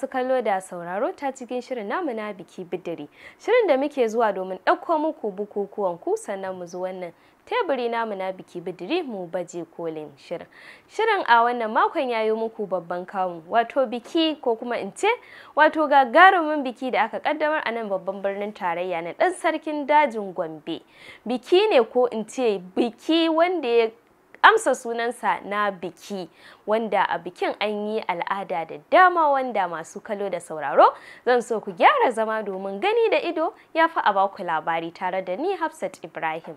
masu kallo da sauraro ta cikin shirin namu na biki bidiri. Shirin da muke zuwa domin ɗauko muku bukukuwan ku sannan mu zo wannan teburi namu na biki bidiri mu baje kolin shirin. Shirin a wannan makon ya yi muku babban kawo wato biki ko kuma in ce wato gagarumin biki da aka kaddamar a nan babban birnin tarayya na ɗan sarkin dajin Gombe. Biki ne ko in ce biki wanda ya amsa sunansa na biki wanda a bikin an yi al'ada da dama wanda masu kallo da sauraro zan so ku gyara zama domin gani da ido ya fi a baku labari tare da ni Hafsat Ibrahim.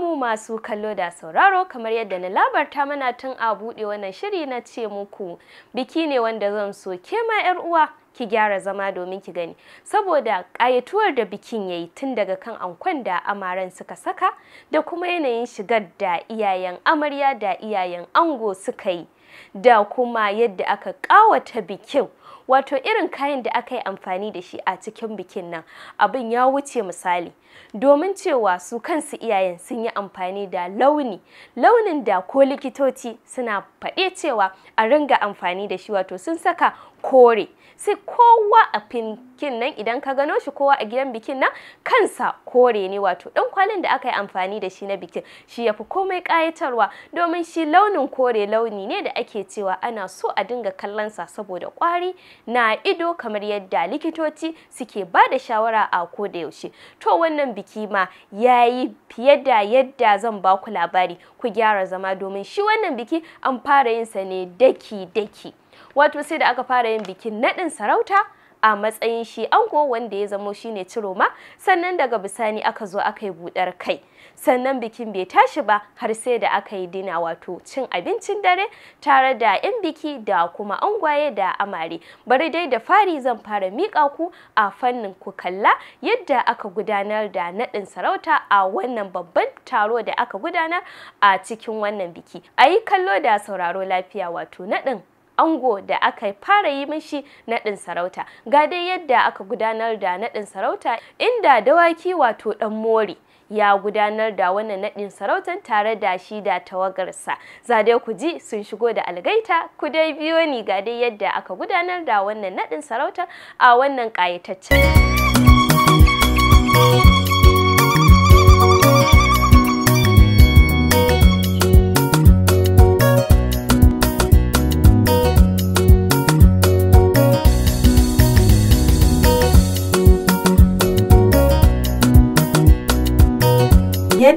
mu masu kallo da sauraro kamar yadda na labarta mana tun a buɗe wannan shiri na ce muku biki ne wanda zan so ke ma 'yar uwa ki gyara zama domin ki gani saboda ƙayatuwar da bikin ya yi tun daga kan ankon da amaren suka saka da kuma yanayin shigar da iyayen amarya da iyayen ango suka yi da kuma yadda aka ƙawata bikin wato irin kayan da aka yi amfani da shi a cikin bikin nan abin ya wuce misali domin cewa su kansu iyayen sun yi amfani da launi launin da ko likitoci suna faɗe cewa a ringa amfani da shi wato sun saka kore sai kowa a finkin nan idan ka gano shi kowa a gidan bikin nan kansa kore ne wato ɗan kwalin da aka yi amfani da shi na bikin shi ya fi komai ƙayatarwa domin shi launin kore launi ne da ake cewa ana so a dinga kallonsa saboda kwari na ido kamar yadda likitoci suke ba da shawara a ko yaushe to wannan biki ma ya yi fiye da yadda zan ba ku labari ku gyara zama domin shi wannan biki an fara yin sa ne daki daki wato sai da aka fara yin bikin naɗin sarauta a matsayin shi ango wanda ya zamo shine ciroma sannan daga bisani aka zo aka yi buɗar kai sannan bikin bai tashi ba har sai da aka yi dina wato cin abincin dare tare da 'yan biki da kuma angwaye da amare bari dai da fari zan fara miƙa ku a fannin ku kalla yadda aka gudanar da naɗin sarauta a wannan babban taro da aka gudanar a cikin wannan biki a yi kallo da sauraro lafiya wato naɗin ango da aka fara yi mishi naɗin sarauta ga dai yadda aka gudanar da naɗin sarauta inda dawaki wato ɗan mori ya gudanar da wannan naɗin sarautar tare da shi da tawagarsa za dai ku ji sun shigo da algaita ku dai biyo ni ga dai yadda aka gudanar da wannan naɗin sarautar a wannan ƙayataccen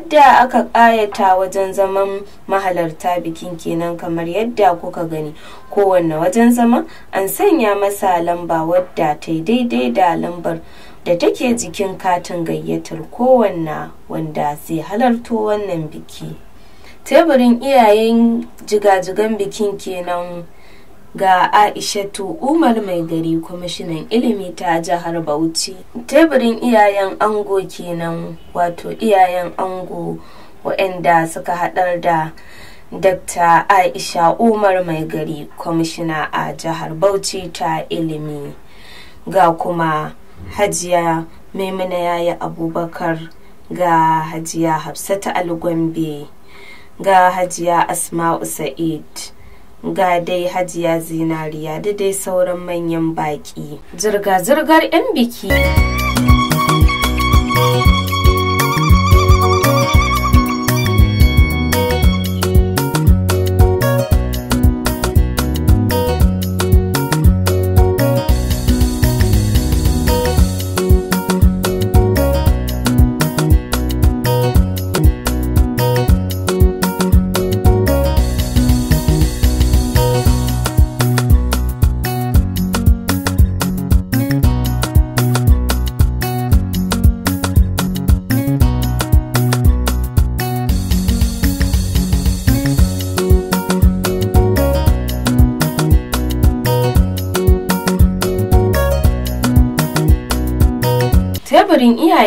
yadda aka ƙayata wajen zaman mahalarta bikin kenan kamar yadda kuka gani kowanne wajen zama an sanya masa lamba wadda ta daidai da lambar da take jikin katin gayyatar kowanne wanda zai halarto wannan biki teburin iyayen jigajigan bikin kenan ga aishatu umar mai gari kwamishinan ilimi ta jihar bauchi teburin iyayen ango kenan wato iyayen ango waɗanda suka haɗar da dr aisha umar mai gari kwamishina a jihar bauchi ta ilimi ga kuma hajiya maimuna yayi abubakar ga hajiya hafsata algombe ga hajiya asma'u sa'id ga dai hajiya zinariya da dai sauran manyan baƙi zirga-zirgar 'yan biki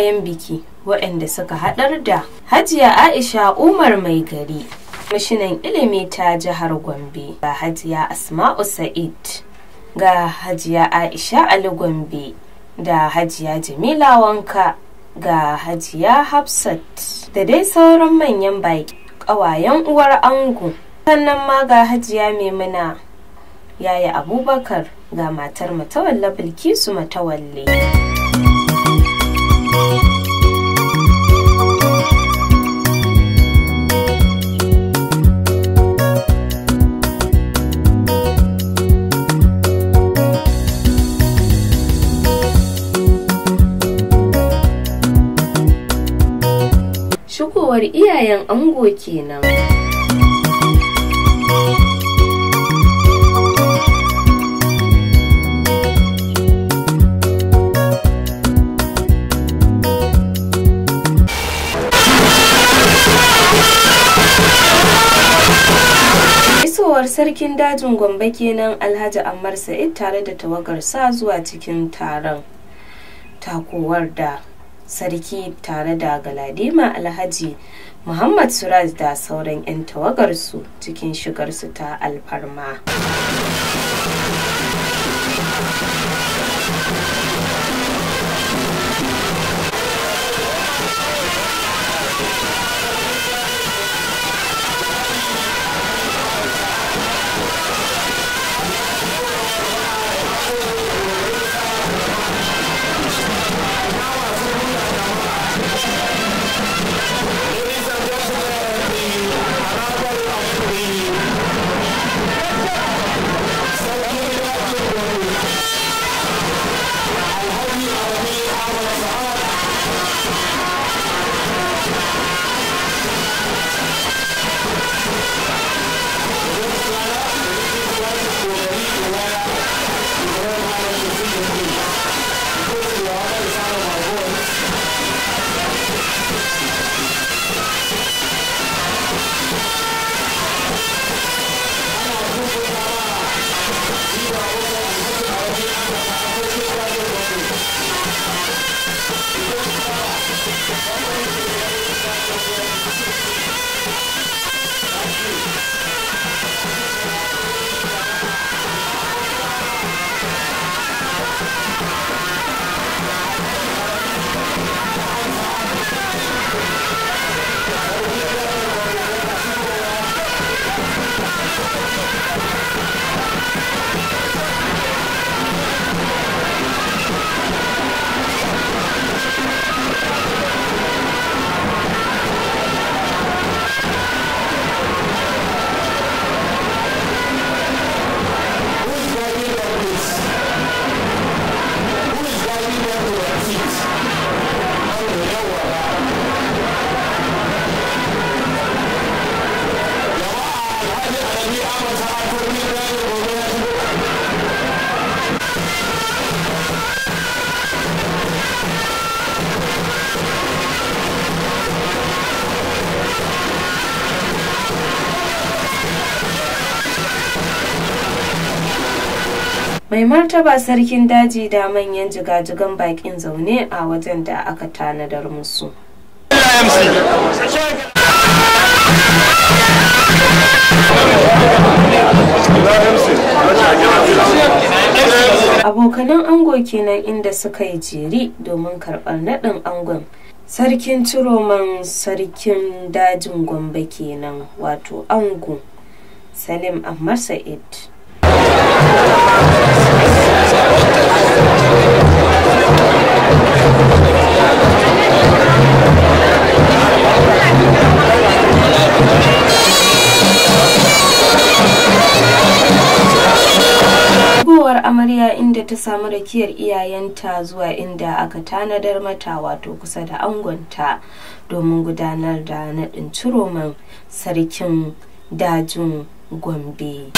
kayan biki waɗanda suka haɗar da hajiya aisha umar mai gari Mashinan ilimi ta jihar gombe ga hajiya asma'u sa'id ga hajiya aisha ali gombe da hajiya jamila wanka ga hajiya hafsat da dai sauran manyan baƙi ƙawayen uwar ango sannan ma ga hajiya maimuna yaya abubakar ga matar matawalle bilkisu matawalle Shukowar iyayen ango kenan. sarkin dajin gombe kenan alhaji ammar sa'id tare da tawagarsa zuwa cikin taron takowar da sarki tare da galadima alhaji muhammad suraj da sauran 'yan tawagarsu cikin shigar su ta alfarma mai martaba sarkin daji da manyan jigajigan bakin zaune a wajen da aka tanadar musu. abokanan ango kenan inda suka yi jeri domin karɓar nadin angon sarkin ciroman sarkin dajin gombe kenan wato ango salim ammar sa'id amarya inda ta samu rakiyar iyayenta zuwa inda aka tanadar mata wato kusa da angonta domin gudanar da naɗin ciroman sarkin dajin gombe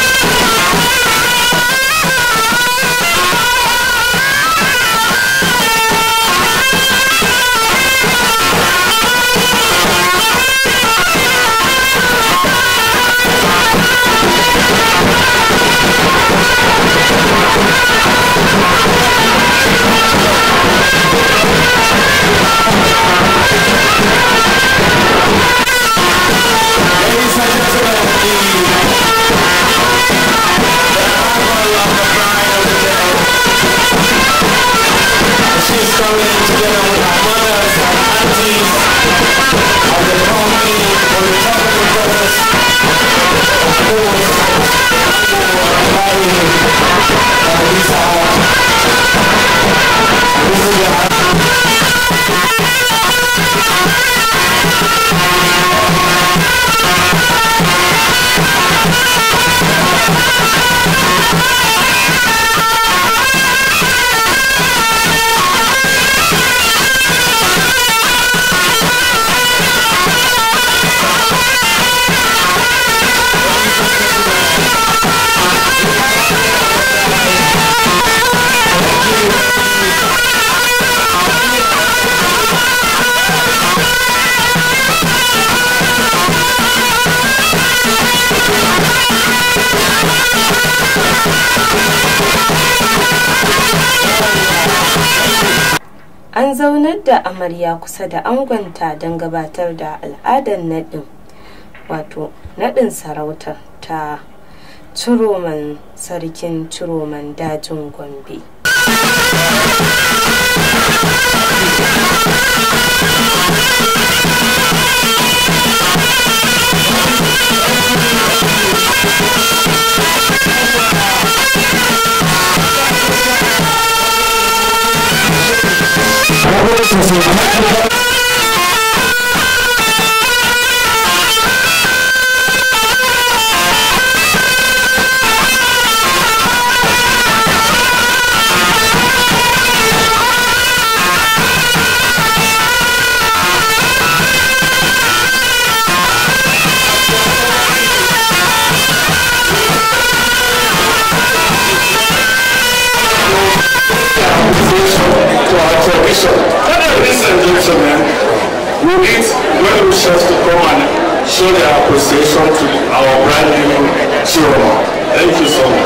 an zaunar da amarya kusa da angonta don gabatar da al'adar naɗin wato naɗin sarautar ta ciroman sarkin ciroman dajin gombe Gracias. appreciation to our brand new chairman. Thank you so much.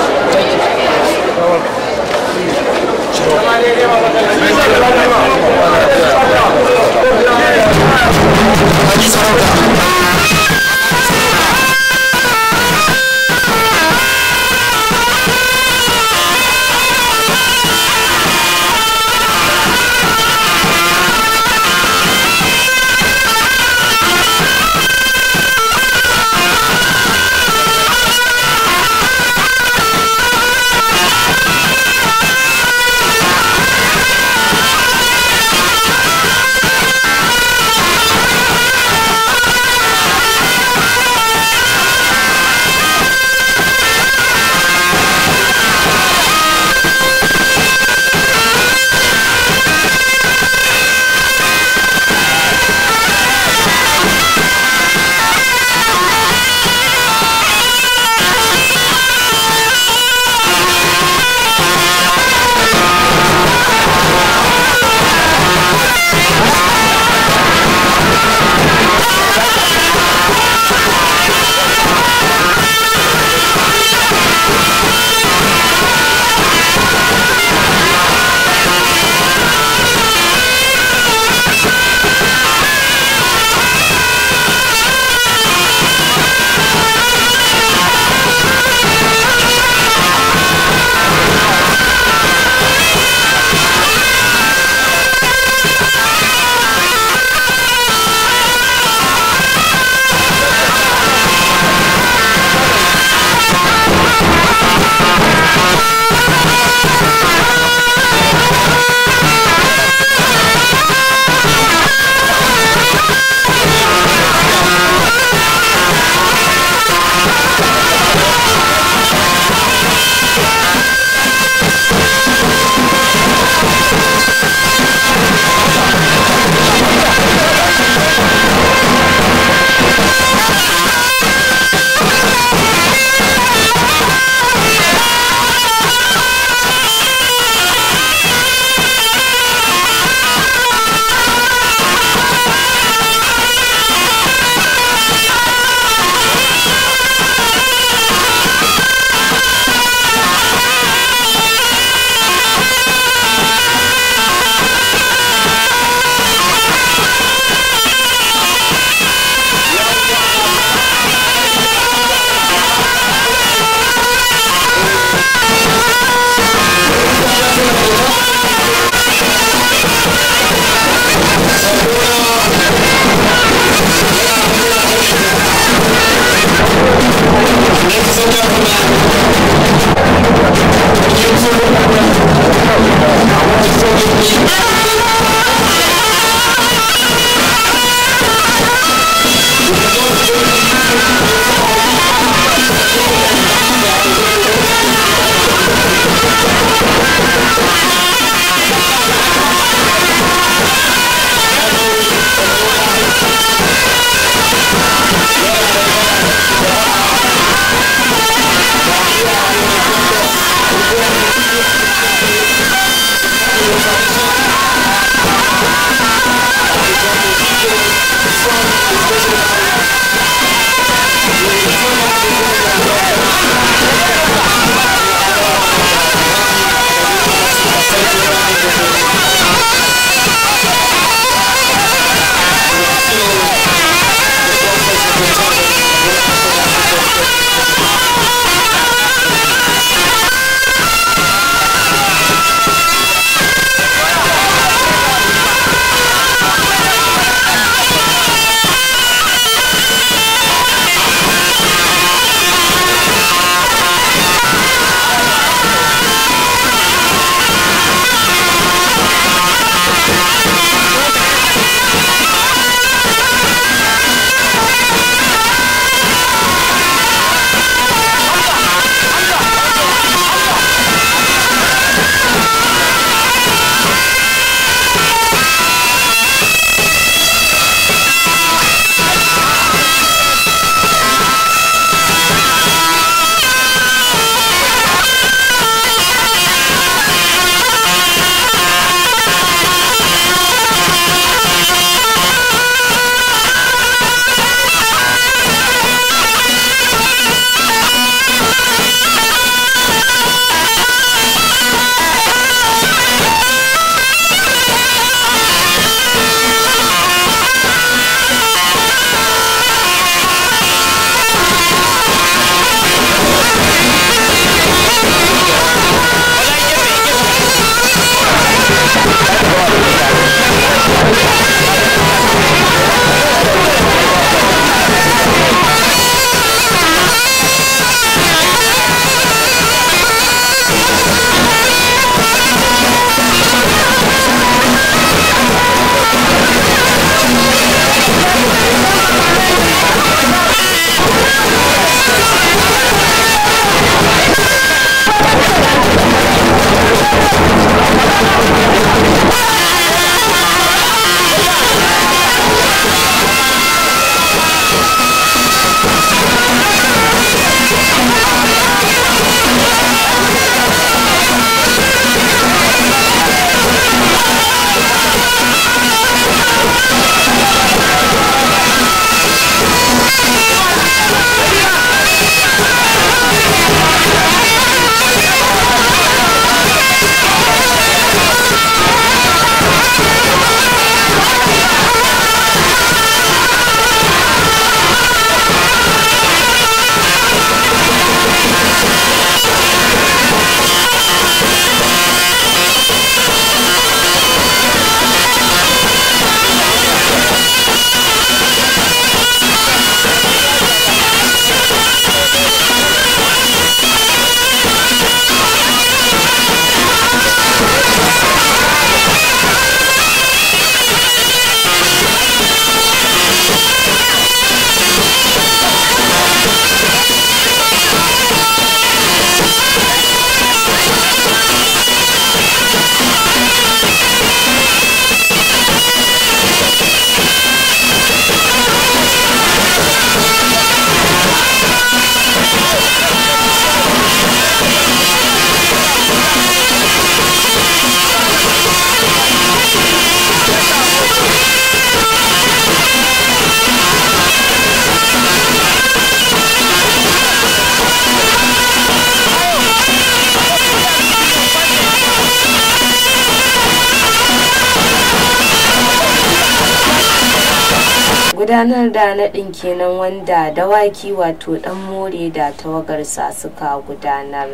gudanar da naɗin kenan wanda dawaki wato ɗan more da tawagarsa suka gudanar.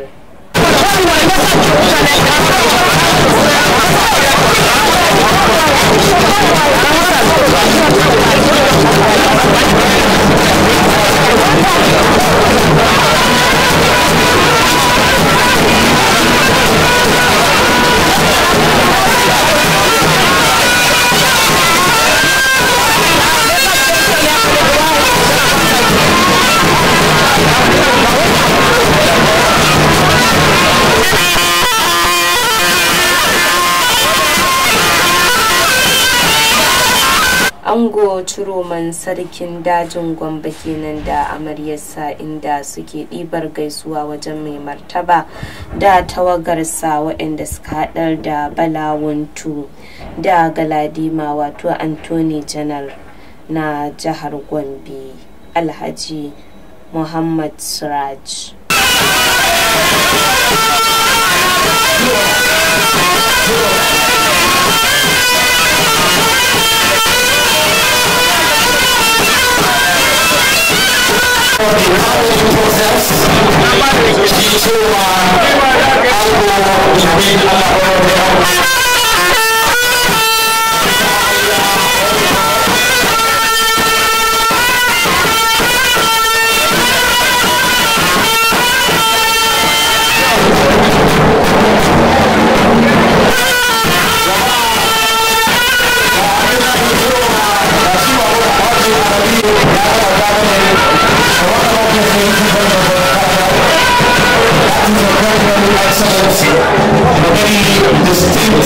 Thank you. ango ciroman sarkin dajin gwamba kenan da amaryarsa inda suke ɗibar gaisuwa wajen mai martaba da tawagarsa waɗanda suka haɗar da balawuntu da galadima wato anthony janar na jihar gombe alhaji muhammad siraj Yeah. Thank the distinct.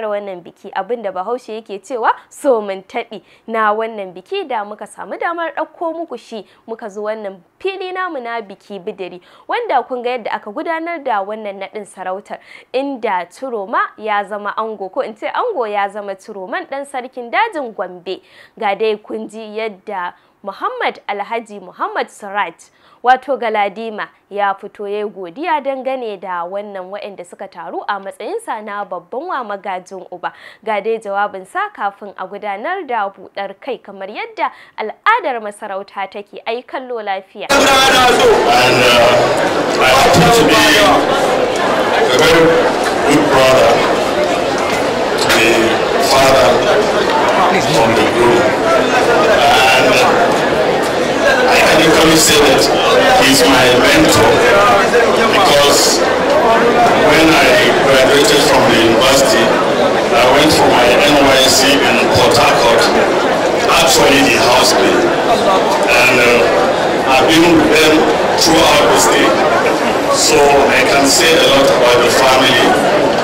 fara wannan biki abinda bahaushe yake cewa so mun taɓi na wannan biki da muka samu damar ɗauko muku shi muka zo wannan fili namu na biki bidiri wanda kun ga yadda aka gudanar da wannan naɗin sarautar inda turoma ya zama ango ko in ce ango ya zama turoman ɗan sarkin dajin gombe ga dai kun ji yadda Muhammad Alhaji Muhammad Surat wato Galadima ya fito ya godiya dangane da wannan waɗanda suka taru a matsayinsa na babban wa magajin uba ga dai jawabin sa kafin a gudanar da buɗar kai kamar yadda al'adar masarauta take ai kallo lafiya. Good brother, father Please the it. I can equally say that he's my mentor because when I graduated from the university, I went for my NYC in Port Harcourt, actually the And uh, I've been with them throughout the state. So I can say a lot about the family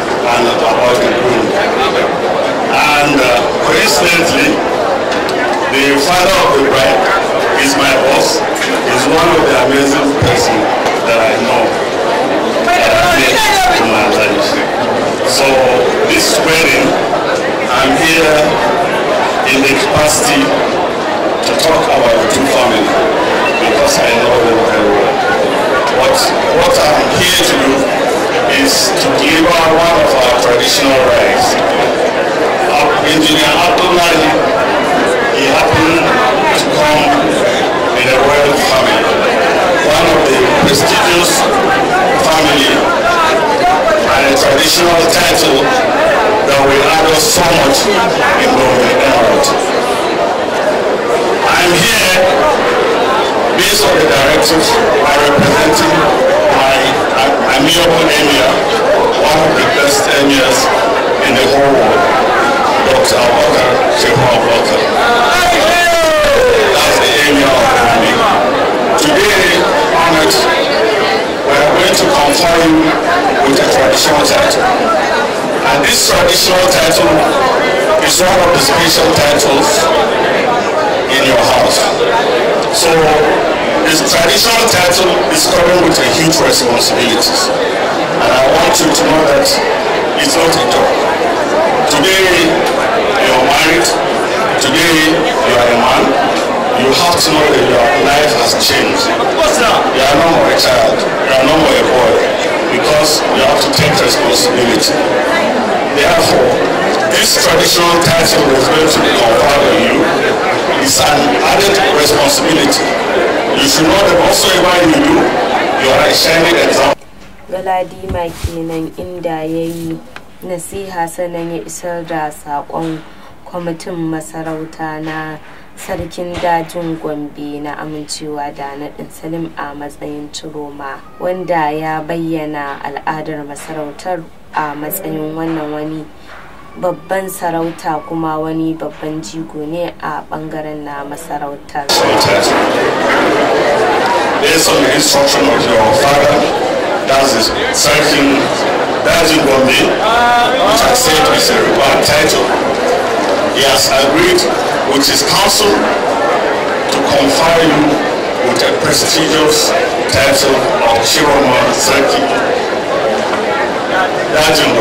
and about the group. And uh, coincidentally, the father of the bride is my boss. He's one of the amazing person that I know. So this wedding, I'm here in the capacity to talk about the two family because I know them very well. But what I'm here to do is to our one of our traditional rites Engineer Abdullahi, he happened to come in a royal family, one of the prestigious family, and a traditional title that will add us so much in Bombay Airport. I'm here based on the directives by representing my amiable emir, one of the best emirs in the whole world box, our brother, Shehu, our brother. That's the area of Today, on it, we are going to confer you with a traditional title. And this traditional title is one of the special titles in your house. So, this traditional title is coming with a huge responsibilities. And I want you to know that it's not a joke. Today, today you are a man, you have to know that your life has changed. You are no more a child, you are no more a boy, because you have to take responsibility. Therefore, this traditional title was meant to be conferred on you is an added responsibility. You should know that whatsoever you do, you are a shining example. Galadima kenan inda ya yi nasiha sanan ya isar da saƙon kwamitin masarauta na sarkin dajin gombe na amincewa da naɗin salim a matsayin ciroma wanda ya bayyana al'adar masarautar a matsayin wannan wani babban sarauta kuma wani babban jigo ne a bangaren na masarautar Based on the instruction of your father, that's He has agreed with his council to confer you with a prestigious title of Chiroma Zaki. Dajin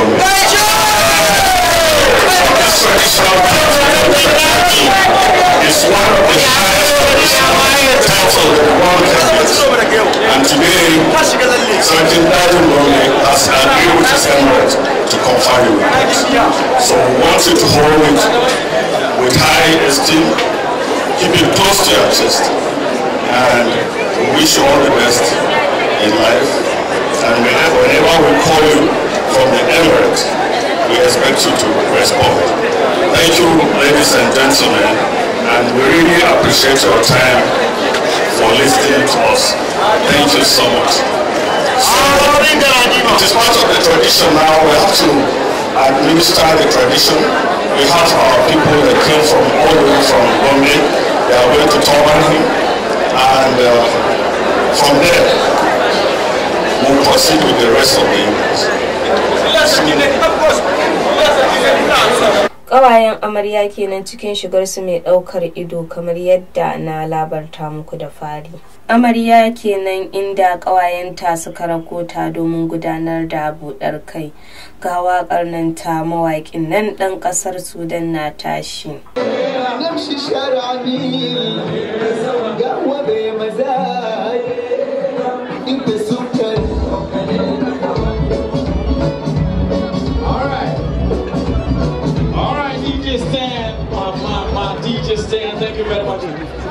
Gomi one of the highest And today, Sergeant has with to confer with us. So we want you to hold it with high esteem, keep it close to your chest, and wish all the best in life. And whenever we call you from the Emirates, we expect you to respond. Thank you, ladies and gentlemen. And we really appreciate your time for listening to us. Thank you so much. So, it is part of the tradition now. We have to administer the tradition. We have our people that came from all the way from Bombay. They are going to Turban him. And uh, from there, we'll proceed with the rest of the units. Ƙawayen amarya kenan cikin shigar su mai ɗaukar ido kamar yadda na labarta muku da fari. Amarya kenan inda ƙawayenta suka ta domin gudanar da buɗar kai. Ga waƙar nan ta mawaƙin nan ɗan ƙasar Sudan na tashi.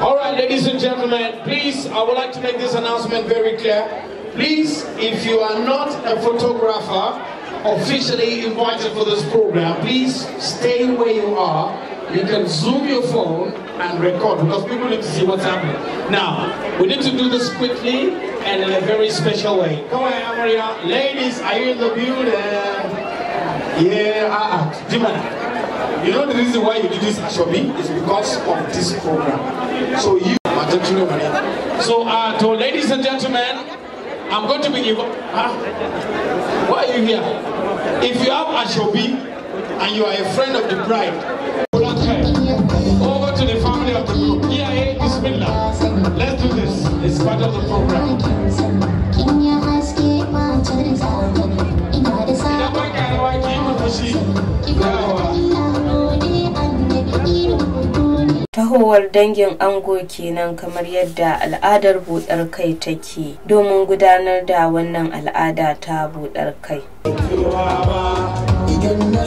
All right, ladies and gentlemen, please, I would like to make this announcement very clear. Please, if you are not a photographer officially invited for this program, please stay where you are. You can zoom your phone and record because people need to see what's happening. Now, we need to do this quickly and in a very special way. Come on, Amaria. Ladies, are you in the building? Yeah, uh-uh. You know the reason why you do this, ashobie is because of this program. So you are So uh, to ladies and gentlemen, I'm going to be... Huh? Why are you here? If you have ashobie and you are a friend of the bride, over to the family of the group. Yeah, Bismillah. Let's do this. It's part of the program. tahowar dangin ango kenan kamar yadda al'adar buɗar kai take domin gudanar da wannan al'ada ta buɗar kai idan na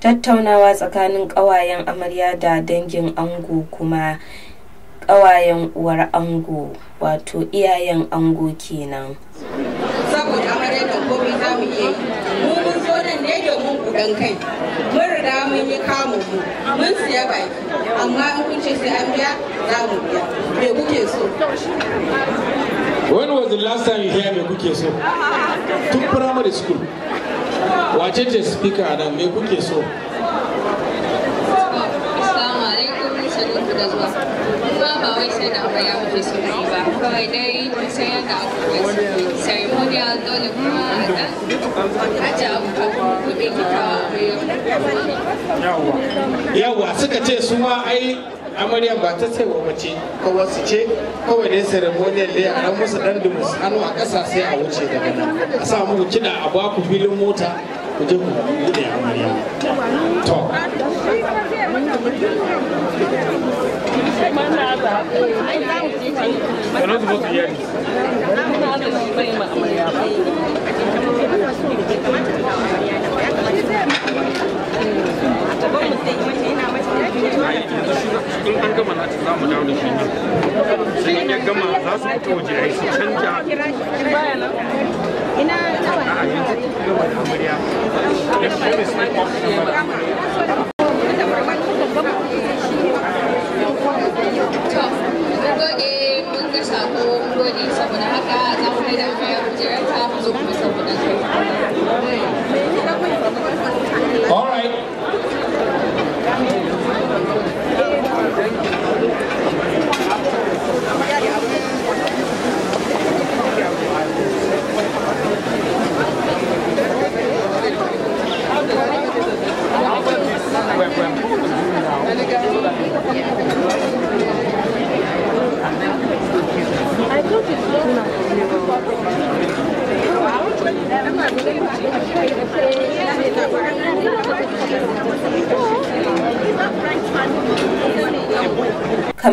tattaunawa tsakanin ƙawayen amarya da dangin ango kuma ƙawayen uwar ango wato iyayen ango kenan saboda amarya da komai za mu iya yi mu mun zo nan ne domin kuɗin kai mun riga mun yi kamu mu mun siya baki amma in kun ce sai an biya za mu biya me kuke so when was the last time you hear me kuke so tun primary school wace ce speaker a nan me kuke so assalamu alaikum sanin ku da zuwa kuma ba wai da abu ya muke so ne ba kawai dai sai ya ga abubuwan ceremonial a aje abubuwan kuɗi kika yawa yawa suka ce su ma ai amarya ba ta wa mace ko wasu ce kawai dai ceremonial dai a ran musu dan dumus hannu a kasa sai a wuce daga nan a sa mu kiɗa a ba ku filin mota ku je ku buɗe amarya to Thank you. gaban mu zai yi mace yana mace in an gama na za mu dawo da shi nan sai in ya gama za su fito waje a yi su canja ina a yanzu kuma da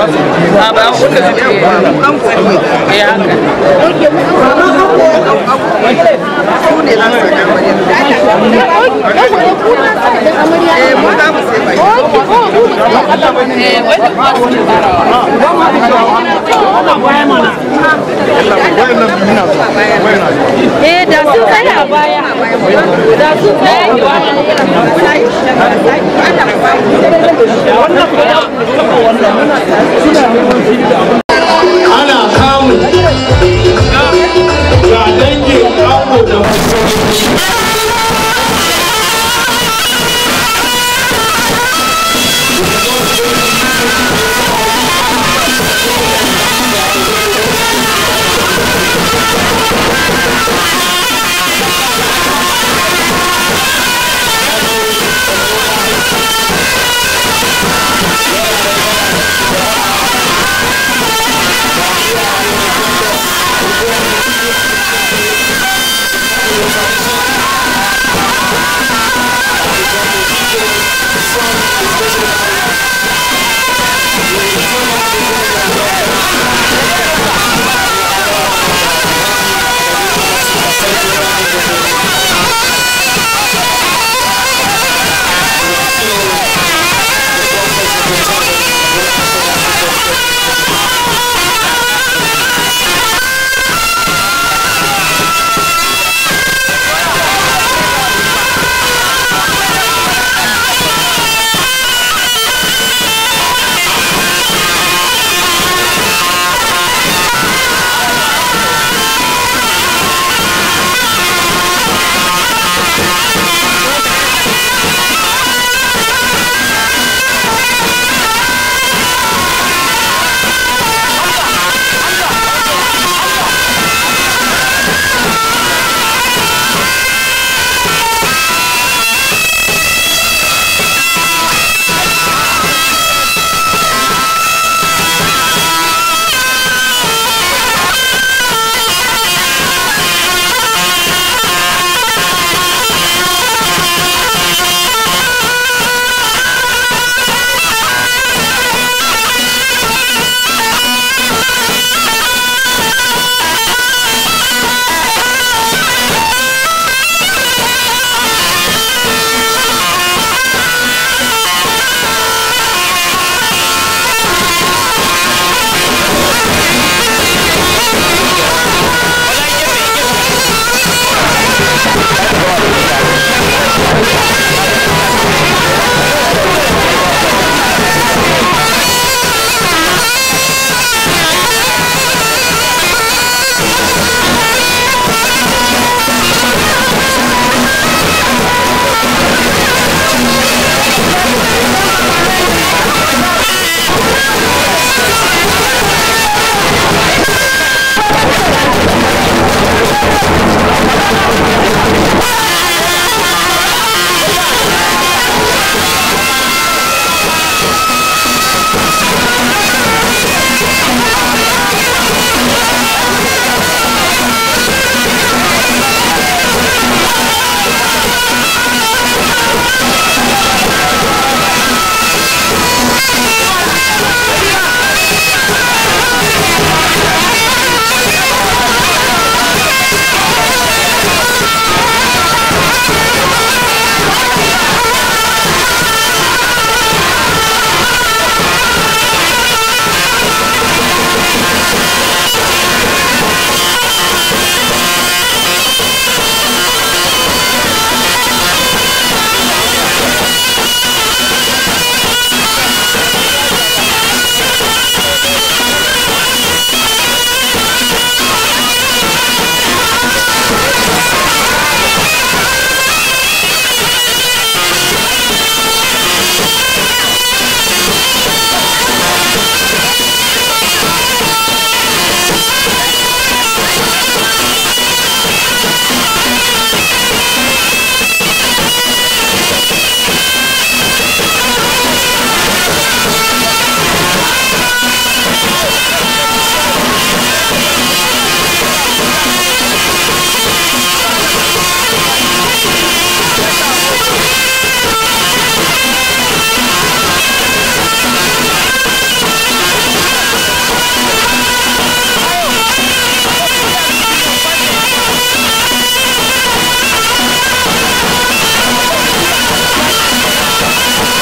a ba wanda su ce su baya ana kamun ga dangin abu da mutum Oh, my God.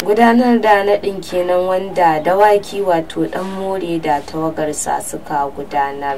gudanar da naɗin kenan wanda dawaki wato ɗan more da tawagarsa suka gudanar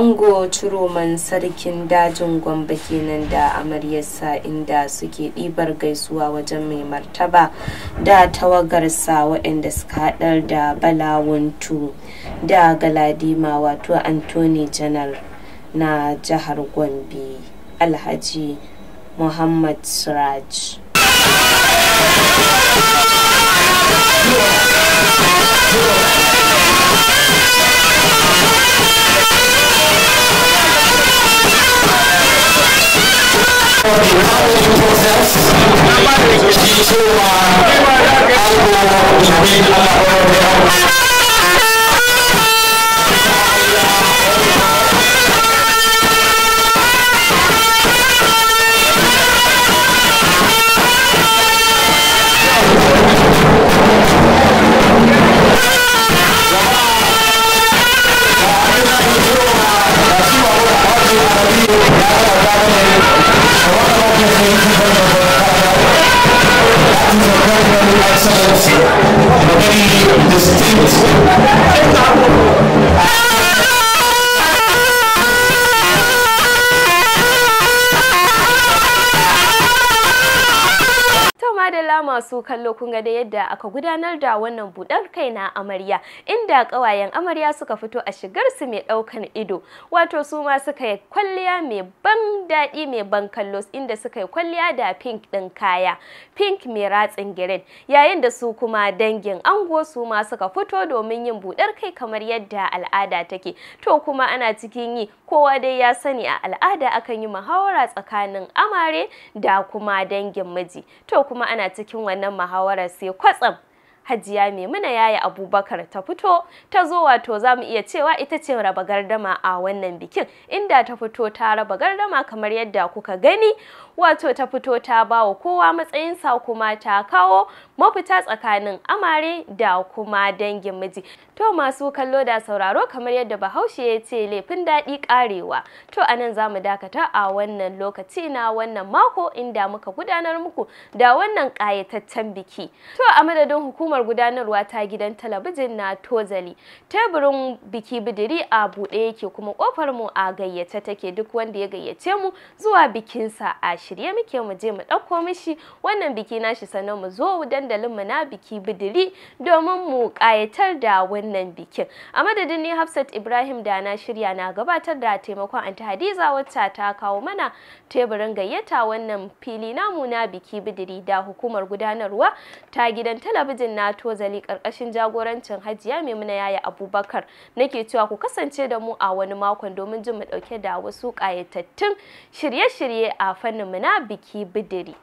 ango ciroman sarkin dajin gwamba kenan da amaryarsa inda suke ɗibar gaisuwa wajen mai martaba da tawagarsa waɗanda suka haɗar da balawuntu da galadima wato antony janar na jihar gombe alhaji muhammad siraj Yeah. for the marriage process cewa ango idan al'adar da yawa Thank you. who's a very, very very distinguished. masu kallo kun ga da yadda aka gudanar da wannan budar kai na amarya inda kawayen amarya suka fito a shigar su mai daukan ido wato su ma suka yi kwalliya mai ban daɗi mai ban kallo inda suka yi kwalliya da pink ɗin kaya pink mai ratsin green yayin da su kuma dangin ango su ma suka fito domin yin budar kai kamar yadda al'ada take to kuma ana cikin yi kowa dai ya sani a al'ada akan yi muhawara tsakanin amare da kuma dangin miji to kuma ana cikin wannan muhawarar sai kwatsam Hajiya Maimuna yaya Abubakar ta fito ta zo wato za mu iya cewa ita ce raba gardama a wannan bikin inda ta fito ta raba gardama kamar yadda kuka gani wato ta fito ta bawa kowa matsayinsa kuma ta kawo mafita tsakanin amare da kuma dangin miji to masu kallo da sauraro kamar yadda bahaushe ya ce laifin daɗi ƙarewa to anan za mu dakata a wannan lokaci na wannan mako inda muka gudanar muku da wannan ƙayataccen biki to a madadin hukumar gudanarwa ta gidan talabijin na tozali teburin biki bidiri a buɗe yake kuma ƙofar mu a gayyace take duk wanda ya gayyace mu zuwa bikinsa a shirye muke mu je mu ɗauko mishi wannan biki nashi sannan mu zo dandalin mu na biki bidiri domin mu ƙayatar da wannan bikin a madadin ni Hafsat Ibrahim da na shirya na gabatar da taimakon Anti Hadiza wacce ta kawo mana teburin gayyata wannan fili namu na biki bidiri da hukumar gudanarwa ta gidan talabijin na Tozali karkashin jagorancin Hajiya Maimuna Yaya Abubakar nake cewa ku kasance da mu a wani makon domin jin mu ɗauke da wasu ƙayatattun shirye-shirye a fannin na biki bidiri